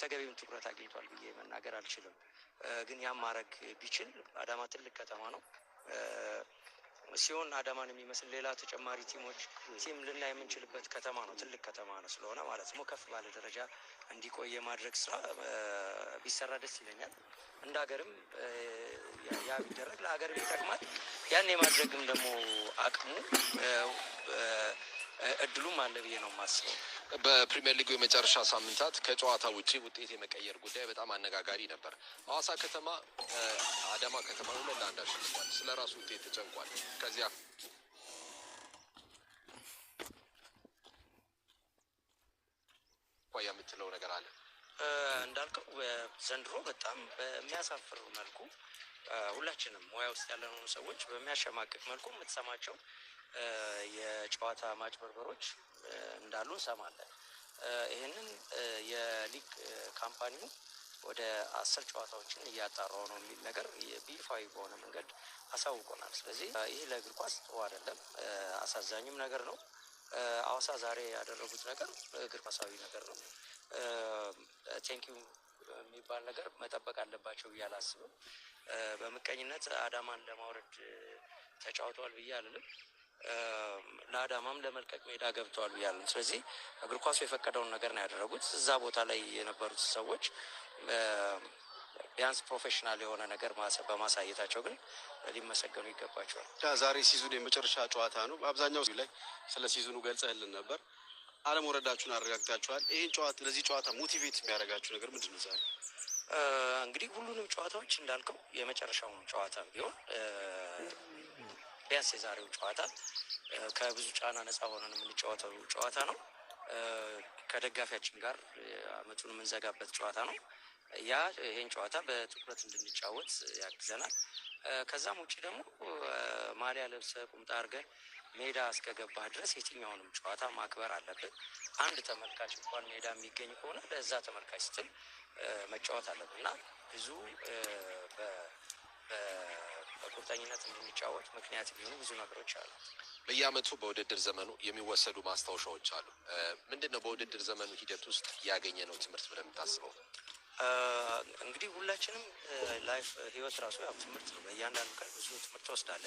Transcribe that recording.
ተገቢውን ትኩረት አግኝቷል ብዬ መናገር አልችልም። ግን ያም ማድረግ ቢችል አዳማ ትልቅ ከተማ ነው ሲሆን አዳማን የሚመስል ሌላ ተጨማሪ ቲሞች ቲም ልናይ የምንችልበት ከተማ ነው። ትልቅ ከተማ ነው ስለሆነ ማለት ነው። ከፍ ባለ ደረጃ እንዲቆይ የማድረግ ስራ ቢሰራ ደስ ይለኛል። እንደ ሀገርም ያ ቢደረግ ለሀገርም ይጠቅማል። ያን የማድረግም ደግሞ አቅሙ እድሉም አለ ብዬ ነው የማስበው። በፕሪሚየር ሊጉ የመጨረሻ ሳምንታት ከጨዋታ ውጪ ውጤት የመቀየር ጉዳይ በጣም አነጋጋሪ ነበር። ሐዋሳ ከተማ አዳማ ከተማ ሁለት ለአንድ አሸንፏል። ስለ ራሱ ውጤት ተጨንቋል። ከዚያ ኳ የምትለው ነገር አለ እንዳልከው ዘንድሮ በጣም በሚያሳፍር መልኩ ሁላችንም ሙያ ውስጥ ያለነው ሰዎች በሚያሸማቅቅ መልኩ የምትሰማቸው የጨዋታ ማጭበርበሮች እንዳሉ እንሰማለን። ይህንን የሊግ ካምፓኒው ወደ አስር ጨዋታዎችን እያጣራው ነው የሚል ነገር ቢፋዊ በሆነ መንገድ አሳውቆናል። ስለዚህ ይህ ለእግር ኳስ ጥሩ አይደለም፣ አሳዛኝም ነገር ነው። አዋሳ ዛሬ ያደረጉት ነገር እግር ኳሳዊ ነገር ነው። ቴንኪ የሚባል ነገር መጠበቅ አለባቸው ብዬ አላስብም። በምቀኝነት አዳማን ለማውረድ ተጫውተዋል ብዬ አልልም። ለአዳማም ለመልቀቅ ሜዳ ገብተዋል ብያለን። ስለዚህ እግር ኳሱ የፈቀደውን ነገር ነው ያደረጉት። እዛ ቦታ ላይ የነበሩት ሰዎች ቢያንስ ፕሮፌሽናል የሆነ ነገር በማሳየታቸው ግን ሊመሰገኑ ይገባቸዋል። ዛሬ ሲዙን የመጨረሻ ጨዋታ ነው። አብዛኛው ላይ ስለ ሲዙኑ ገልጸህልን ነበር። አለመውረዳችሁን አረጋግጣችኋል። ይህን ጨዋታ ለዚህ ጨዋታ ሞቲቬት የሚያደርጋችሁ ነገር ምንድን ነው? ዛሬ እንግዲህ ሁሉንም ጨዋታዎች እንዳልከው የመጨረሻውን ጨዋታ ቢሆን ቢያንስ የዛሬው ጨዋታ ከብዙ ጫና ነፃ ሆነን የምንጫወተው ጨዋታ ነው። ከደጋፊያችን ጋር አመቱን የምንዘጋበት ጨዋታ ነው። ያ ይህን ጨዋታ በትኩረት እንድንጫወት ያግዘናል። ከዛም ውጭ ደግሞ ማሊያ ለብሰ ቁምጣ አድርገን ሜዳ እስከገባህ ድረስ የትኛውንም ጨዋታ ማክበር አለብን። አንድ ተመልካች እንኳን ሜዳ የሚገኝ ከሆነ ለዛ ተመልካች ስትል መጫወት አለብን እና ብዙ በቁርጠኝነት እንድንጫወት ምክንያት የሚሆኑ ብዙ ነገሮች አሉ። በየአመቱ በውድድር ዘመኑ የሚወሰዱ ማስታወሻዎች አሉ። ምንድን ነው በውድድር ዘመኑ ሂደት ውስጥ ያገኘ ነው ትምህርት ብለን የምታስበው? እንግዲህ ሁላችንም ላይፍ ህይወት ራሱ ያው ትምህርት ነው። በእያንዳንዱ ቀን ብዙ ትምህርት ወስዳለን።